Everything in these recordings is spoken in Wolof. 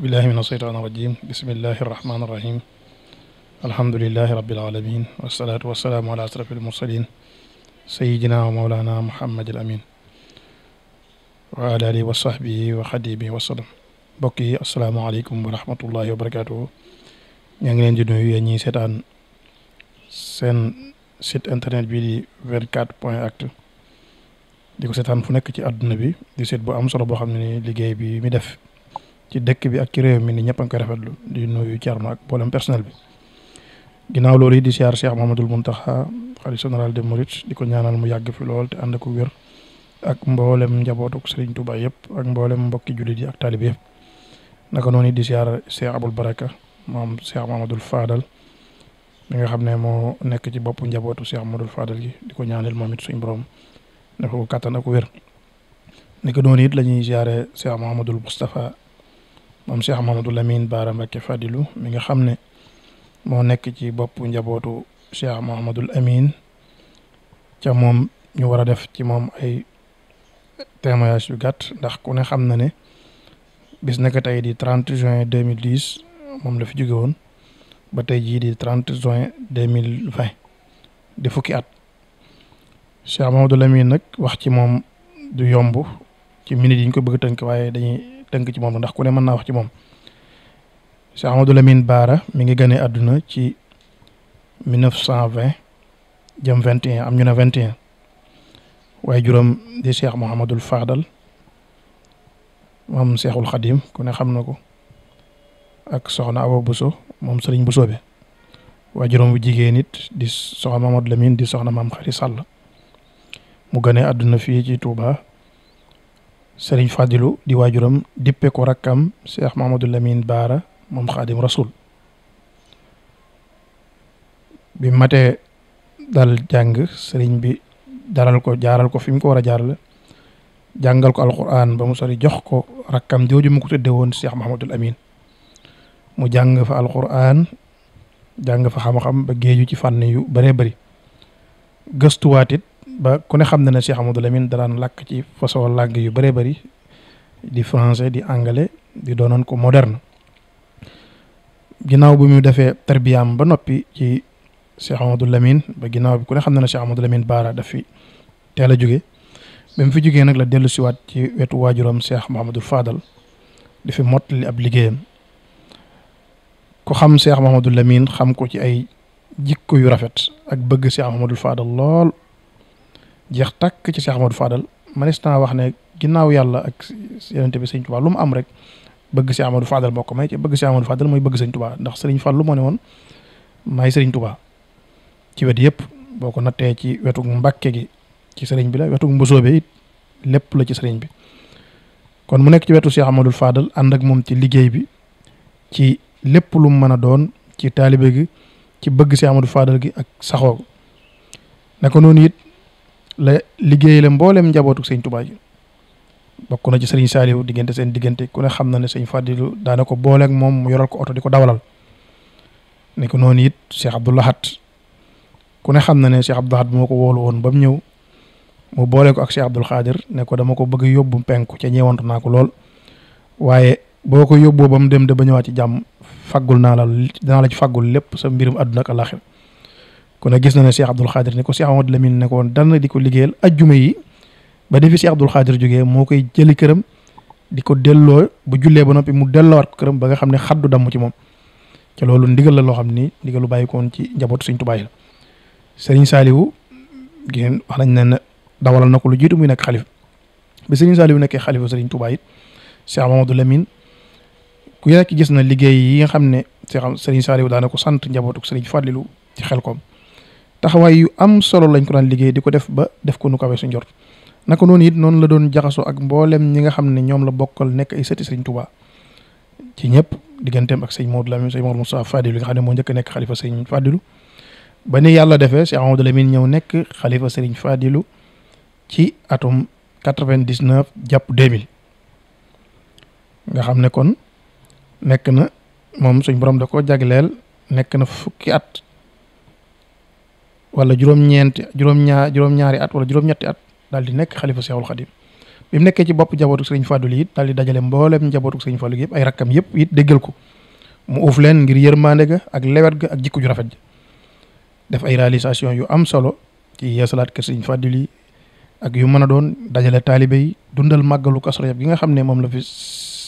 aousbillahi min asheytaan irajim bismillahi arrahmani irrahim alhamdulilahi rabilalamin wasalaatu wasalaamu ala asraf almursalin sayidina wa maolana mohammadil amin wa ala alihi wa sahbihi wa xadimi wasalam mbokk yi asalaamaaleykum wa rahmatullahi wa barakatuhu ñaa ngi leen di nuyu yéen ñiy seetaan seen site internet bi di 24 point act di ko seetaan fu nekk ci àdduna bi di site bu am solo boo xam ne liggéey bi mi def ci dëkk bi ak ci réew mi ni ñëpp a ngi koy rafetlu di nuyu Thierno ak mboolem personnel bi ginnaaw loolu yi di siyaar Cheikh Mouhamadoul Mountakha xalifa général des mourides di ko ñaanal mu yàgg fi lool te ko wér ak mboolem njabootuk Serigne Touba yëpp ak mboolem mbokki jullit yi ak taalibe naka noonu di siyaar Cheikh Aboul Baraka moom Cheikh Mouhamadoul Fadal mi nga xam ne moo nekk ci boppu njabootu Cheikh Mouhamadoul Fadal gi di ko ñaanal moom it suñu borom dafa ko kattan ak it la ñuy siyaare Cheikh Mouhamadoul Moustapha moom Cheikh Mouhamadou Lamine Bara Mbacké Fadilou mi nga xam ne moo nekk ci boppu njabootu Cheikh Mouhamadou amin ca moom ñu war a def ci moom ay témoignage yu gàtt ndax ku ne xam na ne bis na ko tey di 30 juin 2010 moom la fi jóge woon ba tey jii di 30 juin 2020 di fukki at Cheikh Mouhamadou Lamine nag wax ci moom du yomb ci minute yiñ ñu ko bëgg tënk waaye dañuy tënk ci moom ndax ku ne mën naa wax ci moom Cheikh Amadou Lamine Baara mi ngi gane àdduna ci 1920 jëm 21 am ñu ne 21 waaye juróom di Cheikh Mouhamadul Fadal moom Cheikhul Khadim ku xam na ko ak soxna Awa Bousso moom Serigne buso bi waaye juróom bu jigéen it di soxna Mamadou Lamine di soxna maam Xari Sall mu gane àdduna fii ci tuuba sëriñ Fadilu di waajuram dippe ko rakkam Cheikh Mahamadou Lamine Baara moom xaadim rasul bi mate dal jàng sëriñ bi jaral ko jaaral ko fi mu ko war a jaarale jàngal ko alquran ba mu sori jox ko rakkam jooju mu ko tudde woon Cheikh Mahamadul Amin mu jàng fa alquran jàng fa xam-xam ba géeju ci fànn yu bëree bari gëstuwaat it ba ku ne xam na ne Cheikh Amadou Lamine daraan làkk ci façon làkk yu bëree bari di français di anglais di doonoon ko moderne ginnaaw bu mu defee tarbiyaam ba noppi ci Cheikh Amadou Lamine ba ginnaaw bi ku ne xam na ne Cheikh Amadou Lamine Baara daf fi teel a jóge ba mu fi jógee nag la dellu siwaat ci wetu waajuram Cheikh Mouhamadou Fadal di fi mottali ab liggéeyam ku xam Cheikh Mouhamadou Lamine xam ko ci ay jikko yu rafet ak bëgg Cheikh Mouhamadou Fadal lool jeex tàkk ci Cheikh Amadou Fadal manis wax ne ginnaaw yàlla ak yonent bi sëñ Tuubaa lu mu am rek bëgg Cheikh Amadou Fadal moo may ci bëgg Cheikh Amadou Fadal mooy bëgg sëñ Tuubaa ndax sëriñ Fallu moo ne woon maay sëriñ Tuubaa ci wet yëpp boo ko nattee ci wetu mbakke gi ci sëriñ bi la wetu Mbusoobe it lépp la ci sëriñ bi kon mu nekk ci wetu Cheikh Amadou Fadal ànd ak moom ci liggéey bi ci lépp lu mu mën a doon ci taalibe gi ci bëgg Cheikh Amadou gi ak saxoo ko noonu it la liggéey la mbooleem njabootu sëñ Tuubaa ji bokk na ci sëriñ Saaliw diggante seen diggante ku ne xam na ne sëñ Fàdilu daana ko booleeg moom mu yoral ko oto di ko dawalal ne ko noonu it Cheikh Abdou Lahad ku ne xam na ne Cheikh Abdou Lahad moo ko woolu woon ba mu ñëw mu boole ko ak Cheikh Abdoul Khadir ne dama ko bëgg yóbbu penku ca ñeewantu naa ko lool waaye boo ko yóbboo ba mu dem de ba ñëwaat ci jàmm faggul naa la dinaa la ci faggul lépp sa mbirum àdduna ak àllaaxira kon nag gis na ne Cheikh Abdoul Khadir ni ko Cheikh Amadou Lamine ne ko woon dana di ko liggéeyal ajjuma yi ba defi Cheikh Abdoul Khadir jógee moo koy jëli këram di ko delloo bu jullee ba noppi mu delloowaat ko këram ba nga xam ne xaddu damm ci moom ca loolu ndigal la loo xam ni ndigal lu bàyyi ko ci njabootu Sëriñ Tuubaa yi la Sëriñ Saaliwu génn nañ ne dawalal na ko lu jiitu muy nekk xalif bi Sëriñ Saaliwu nekkee xalifu Sëriñ Tuubaa it Cheikh Amadou Lamine ku nekk gis na liggéey yi nga xam ne Cheikh Sëriñ Saaliwu daana ko sant njabootu Sëriñ Fàllilu ci xel koom taxawaay am solo lañ ko daan liggéey di ko def ba def ko nu kawe su njort naka noonu it noonu la doon jaxasoo ak mboolem ñi nga xam ne ñoom la bokkal nekk ay sëti sëñ Touba ci ñëpp digganteem ak sëñ Maodo Lamine sëñ Maodo Moussa Fadilu nga xam ne moo njëkk nekk xalifa sëñ ba ni yàlla defee sëñ Maodo Lamine ñëw nekk xalifa sëriñ Fadilu ci atum 99 jàpp 2000 nga xam ne kon nekk na moom suñ borom da ko jagleel nekk na fukki at wala juróom-ñeenti juróom-ñaar juróom-ñaari at wala juróom-ñetti at daal di nekk xalifa Seexul Xadim bi mu nekkee ci bopp njabootu sëriñ Fàddu yi it daal dajale mbooleem njabootu sëriñ Fàddu yëpp ay rakkam yëpp it déggal ko mu uuf leen ngir yërmande ga ak lewet ga ak jikko ju rafet def ay réalisation yu am solo ci yeesalaat kër sëriñ Fàddu yi ak yu mën a doon dajale taalibe yi dundal màggalu Kazu Rajab gi nga xam ne moom la fi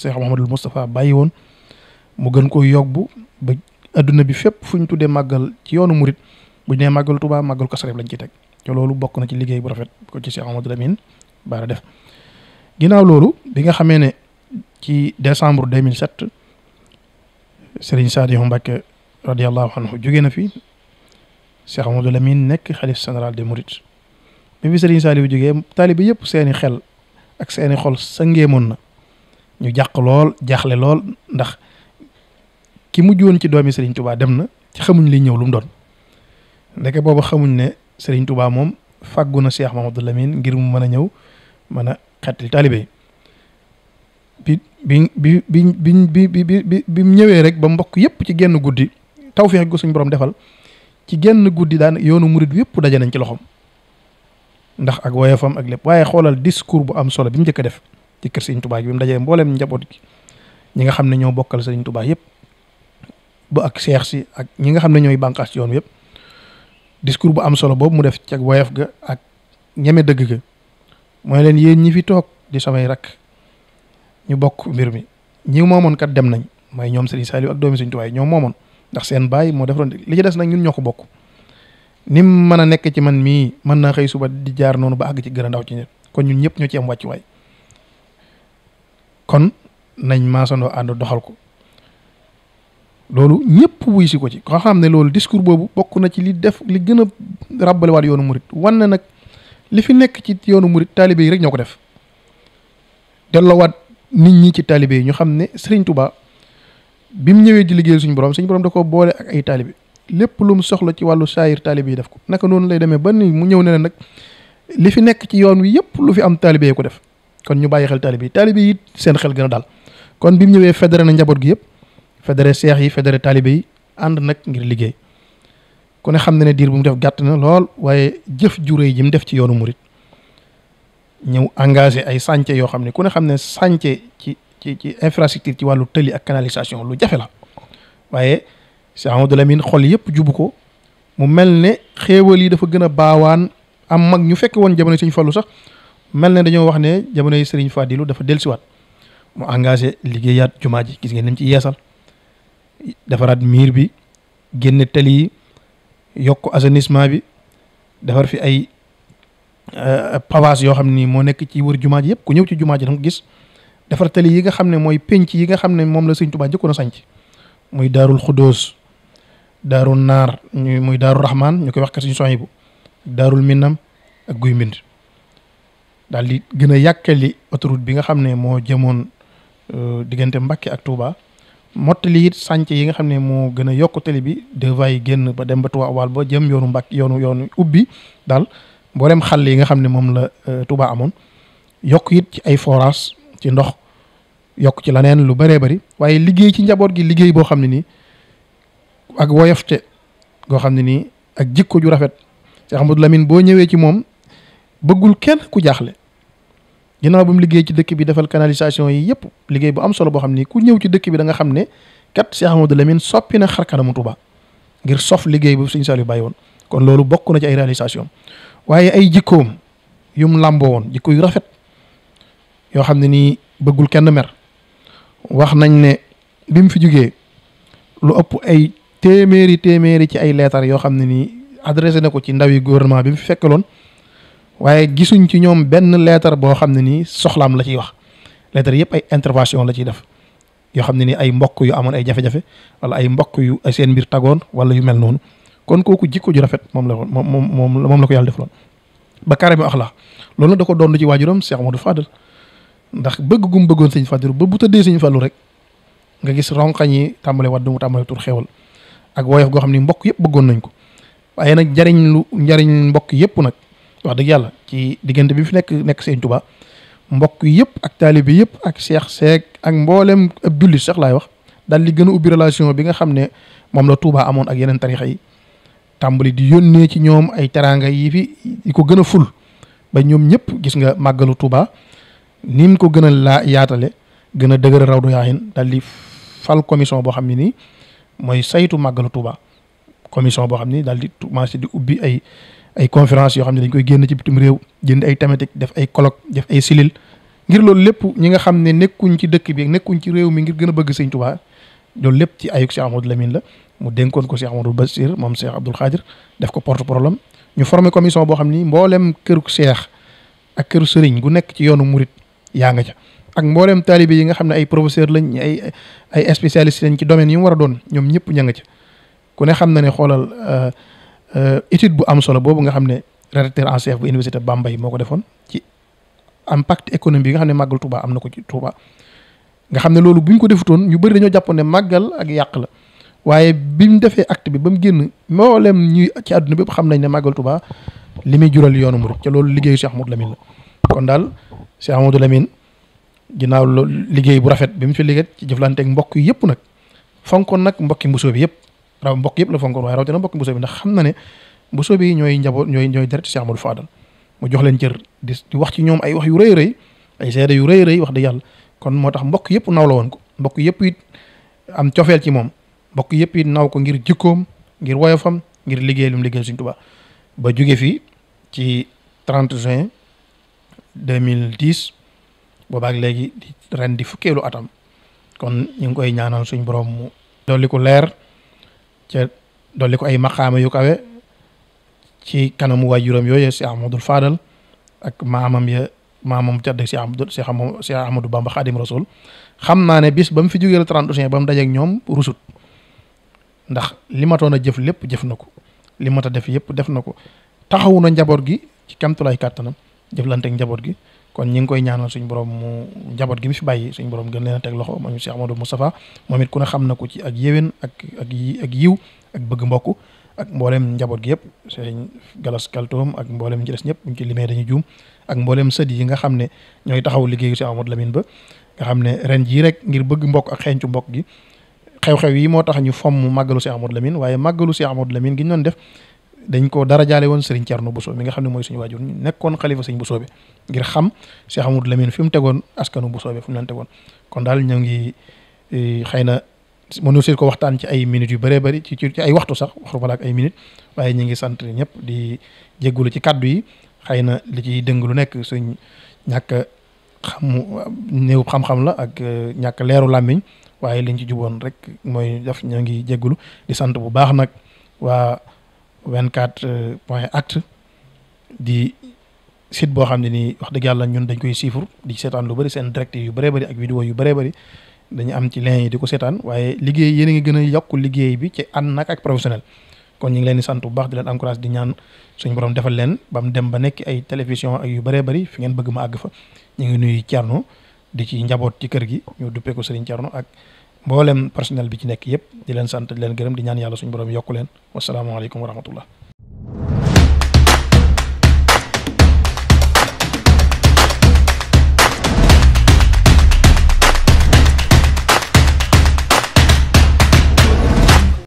Cheikh Mouhamadul Moustapha bàyyi woon mu gën ko yobbu ba bi fépp fu ñu tuddee màggal ci yoonu murit bu ñu nee màggal Tuubaa màggal Kazu Rajab lañ ciy teg te loolu bokk na ci liggéey bu rafet ko ci Cheikh Amadou Lamine Bara def ginnaaw loolu bi nga xamee ne ci décembre 2007 Serigne Saliou Mbacké radiyallahu anhu jóge na fi Cheikh Amadou Lamine nekk xalif général des Mourides bi fi Serigne Saliou jógee taalibe seeni xel ak seeni xol sangeemoon na ñu jàq lool jaxle lool ndax ki mujj woon ci doomi Serigne Touba dem na ci xamuñ li ñëw lu mu doon. ndeke boobu xamuñ ne Serigne tubaa moom fàggu na Cheikh Mamadou Lamine ngir mu mën a ñëw mën a xettil taalibe bi bi bi bi bi bi bi bi mu ñëwee rek ba mbokk yëpp ci genn guddi tawfeex gu suñ borom defal ci genn guddi daan yoonu murid yëpp daje nañ ci loxoom ndax ak woyofam ak lépp waaye xoolal discours bu am solo bi mu njëkk a def ci kër Serigne Touba bi dajee mbooleem njaboot gi ñi nga xam ne ñoo bokkal Serigne Touba yëpp ba ak Cheikh si ak ñi nga xam ne ñooy bànqaas ci yoon yëpp. discours bu am solo boobu mu def cag woyof ga ak ñeme dëgg ga mooy leen yéen ñi fi toog di samay rek ñu bokk mbir mi ñi moomoon kat dem nañ mooy ñoom Serigne Saliou ak doomi Serigne Touba ñoom moomoon ndax seen baay moo defaroon li ci des nag ñun ñoo ko bokk nim mën a nekk ci man mii mën naa xëy suba di jaar noonu ba àgg ci gën a ndaw ci kon ñun ñëpp ñoo ci am wàccuwaay kon nañ maasandoo ànd doxal ko loolu ñëpp wuy si ko ci koo xam ne loolu discours boobu bokk na ci li def li gën a ràbbalewaat yoonu murit wan na nag li fi nekk ci yoonu murit taalibe yi rek ñoo ko def delloowaat nit ñi ci taalibe yi ñu xam ne Serigne Touba bi mu ñëwee di liggéeyal suñu borom suñu borom da ko boole ak ay taalibe lépp lu mu soxla ci wàllu saayir taalibe yi def ko naka noonu lay demee ba mu ñëw ne la nag li fi nekk ci yoon wi yëpp lu fi am taalibe ko def kon ñu bàyyi xel taalibe yi taalibe yi seen xel gën daal kon bi mu ñëwee fédéré na njaboot gi yëpp. fédéré seex yi fédéré taalibe yi ànd nag ngir liggéey ku ne xam na ne diir bu mu def gàtt na lool waaye jëf ju réy ji mu def ci yoonu murit ñëw engage ay sànce yoo xam ne ku ne xam ne sànce ci ci ci infrastructure ci wàllu tëli ak canalisation lu jafe la waaye Cheikh Amadou Lamine xol yëpp jubu ko mu mel ne xéewal yi dafa gën a baawaan am mag ñu fekk woon jamono Serigne Fallou sax mel ne dañoo wax ne jamonoy Serigne Fadilou dafa dellusiwaat mu engagé liggéeyaat jumaa ji gis ngeen ni mu ci yeesal defaraat miir bi génne tali yi yokk assainissement bi defar fi ay euh, pavage yoo xam ni moo nekk ci wër jumaa ji yëpp ku ñëw ci jumaa ji danga gis defar tali yi nga xam ne mooy penc yi nga xam ne moom la sëñ Tuubaa jëkkoon a sanc muy daarul xudóos daarul naar muy daarul rahman ñu koy wax ka suñu bu daarul minnam ak guy mbind daal di gën a yàkkali autoroute bi nga xam ne moo jëmoon euh, diggante Mbàkke ak Touba mottali it sànc yi nga xam ne moo gën a yokk tali bi deux yi génn ba dem ba Touba Awal ba jëm yoonu Mbàkke yoonu yoonu ubbi daal boo dem xàll yi nga xam ne moom la euh, Touba amoon yokk yit ci ay forage ci ndox yokk ci leneen lu bëree bari waaye liggéey ci njaboot gi liggéey boo xam ne nii ak woyofte goo xam ne nii ak jikko ju rafet Cheikh Amadou Lamine boo ñëwee ci moom bëggul kenn ku jaaxle ginnaaw bi mu liggéey ci dëkk bi defal canalisation yi yëpp liggéey bu am solo boo xam ni ku ñëw ci dëkk bi danga xam ne kat Cheikh Amadou Lamine soppi na xar kanamu Touba ngir sof liggéey bu Sëñ yu bay woon kon loolu bokk na ci ay réalisation waaye ay jikkoom yu mu làmboo woon jikko yu rafet yoo xam ne nii bëggul kenn mer wax nañ ne bi mu fi jógee lu ëpp ay téeméeri téeméeri ci ay leetar yoo xam ne nii adressé na ko ci ndawi gouvernement bi mu fi fekkaloon waaye gisuñ ci ñoom benn leetar boo xam ne nii soxlaam la ciy wax leetar yëpp ay intervention la ciy def yoo xam ne nii ay mbokk yu amoon ay jafe-jafe wala ay mbokk yu seen mbir tagoon wala yu mel noonu kon kooku jikko ju rafet moom la moom moom moom la ko yàlla defaloon ba kare mi axlaax loolu da ko doon ci waajuram Cheikh Modou Fadel ndax bëgg bëggoon sëñ Fadil ba bu tëddee sëñ Fallou rek nga gis ronqañ yi tàmbale wadd mu tàmbale tur xewal ak woyof goo xam ne mbokk yëpp bëggoon nañ ko waaye nag njariñ lu njariñ mbokk yëpp nag wax dëgg yàlla ci diggante bi fi nekk nekk seen Tuubaa mbokk yëpp ak taalibe yëpp ak seex seek ak mboolem ab jullit sax laay wax daal di gën a ubbi relation bi nga xam ne moom la Tuubaa amoon ak yeneen tarixa yi tàmbali di yónnee ci ñoom ay teraanga yi fi yi ko gën a ful ba ñoom ñëpp gis nga màggalu Tuubaa ni mu ko gën a laa yaatale gën a dëgër raw du yaayin daal di fal commission boo xam ne nii mooy saytu màggalu Tuubaa commission boo xam ni daal di commencé di ubbi ay ay conférence yoo xam ne dañ koy génn ci bitim réew jënd ay thématique def ay colloque def ay silil ngir loolu lépp ñi nga xam ne nekkuñ ci dëkk bi nekkuñ ci réew mi ngir gën a bëgg sëñ Tuubaa loolu lépp ci ayuk Cheikh Amadou Lamine la mu dénkoon ko seex Cheikh Amadou Bassir moom Cheikh Abdoul Khadir def ko porte problème ñu formé commission boo xam ni mboolem këruk Cheikh ak kër sëriñ gu nekk ci yoonu murit yaa nga ca ak mboolem taalibe yi nga xam ne ay professeur lañ ay ay spécialiste ci domaine yi mu a doon ñoom ñëpp ña nga ca ku ne xam na ne xoolal euh, étude bu am solo boobu nga xam ne rédacteur en chef bu université bambay moo ko defoon ci impact économique bi nga xam ne màggal am na ko ci Touba. nga xam ne loolu bu ñu ko defutoon ñu bëri dañoo jàppoon ne màggal ak yàq la waaye bi mu defee act bi ba mu génn mboolem ñuy ci àdduna bépp xam nañ ne màggal Touba li muy jural yoonu murid ca loolu liggéeyu Cheikh Amadou Lamine la kon daal Cheikh Amadou Lamine ginnaaw loolu liggéey bu rafet bi mu fi liggéey ci jëflante ak mbokk yëpp nag fonkoon nag mbokki mbusoo yëpp raw mbokk yëpp la fonkoon waaye rawatina mbokki Bousso bi ndax xam na ne Bousso bi ñooy njaboot ñooy ñooy deret Cheikh Amadou Fadal mu jox leen cër di wax ci ñoom ay wax yu rëy rëy ay seede yu rëy rëy wax da yàlla kon moo tax mbokk yëpp naw la woon ko mbokk yëpp yit am cofeel ci moom mbokk yëpp yit naw ko ngir jikkoom ngir woyofam ngir liggéey lu mu liggéey Sëriñ Tuubaa ba jóge fi ci trente 30 juin 2010 boobaak léegi ren di fukkeelu atam kon ñu ngi koy ñaanal suñ borom mu dolli ko leer ca dolli ko ay maqaama yu kawe ci kanamu waajuram yooyu si Ahmadul Fadal ak maamam ya maamam tedd si Ahmadou si xam si ba Bamba Xaadim Rasul xam naa ne bis ba mu fi jógee le 30 bam ba mu dajeeg ñoom rusut ndax li matoon a jëf lépp jëf na ko li mat a def yëpp def na ko taxawu na njaboot gi ci kamtulaay kàttanam jëflanteeg njaboot gi kon ñi ngi koy ñaanal suñ borom mu njaboot gi mu fi bàyyi suñ borom gën leen a teg loxo moom Cheikh Amadou Moustapha moom it ku ne xam na ko ci ak yéwén ak ak ak yiw ak bëgg mbokk ak mboolem njaboot yëpp sëñ Galas Kaltoom ak mboolem ñi ci des ñëpp buñ ci limee dañu juum ak mboolem sët yi nga xam ne ñooy taxaw liggéeyu Cheikh Amadou Lamine Ba nga xam ne ren jii rek ngir bëgg mbokk ak xeeñcu mbokk gi xew-xew yi moo tax ñu fomm màggalu Cheikh Amadou Lamine waaye màggalu Cheikh Amadou Lamine gi ñu doon def dañ ko dara jaale woon Serigne Thierno Bousso mi nga xam ne mooy suñu waajur nekkoon xalifa sëñ Bousso bi ngir xam Cheikh Amadou Lamine fi mu tegoon askanu Bousso bi fu mu leen tegoon kon daal ñu ngi e, xëy na mënu si ko waxtaan ci ay minutes yu bëree bëri ci ci ay waxtu sax waxuma ak ay minutes waaye ñu ngi sant ñëpp di jéggulu ci kaddu yi xëy na li ciy dëng lu nekk suñ ñàkk xamu néew xam-xam la ak e, ñàkk leeru làmmiñ waaye liñ ci juboon rek mooy def ñoo ngi jéggulu di sant bu baax nag waa 24 euh, point actu di site boo xam ne nii wax dëgg yàlla ñun dañ koy siifur di seetaan lu bari seen directive yu bëree bari ak vidéo yu bëree bari dañu am ci lien yi di ko seetaan waaye liggéey yéen ngi gën a yokk liggéey bi ci ànd nag ak professionnel kon ñu ngi leen di sant bu baax di leen encourage di ñaan suñu borom defal leen ba dem ba nekk ay télévision ak yu bëree bëri fi ngeen bëgg ma àgg fa ñu ngi nuyu Thierno di ci njaboot ci kër gi ñu duppee ko Serigne Thierno ak mboolem personnel bi ci nekk yëpp di leen sant leen gërëm di ñaan yàlla suñu borom yokku leen wasalaamaaleykum wa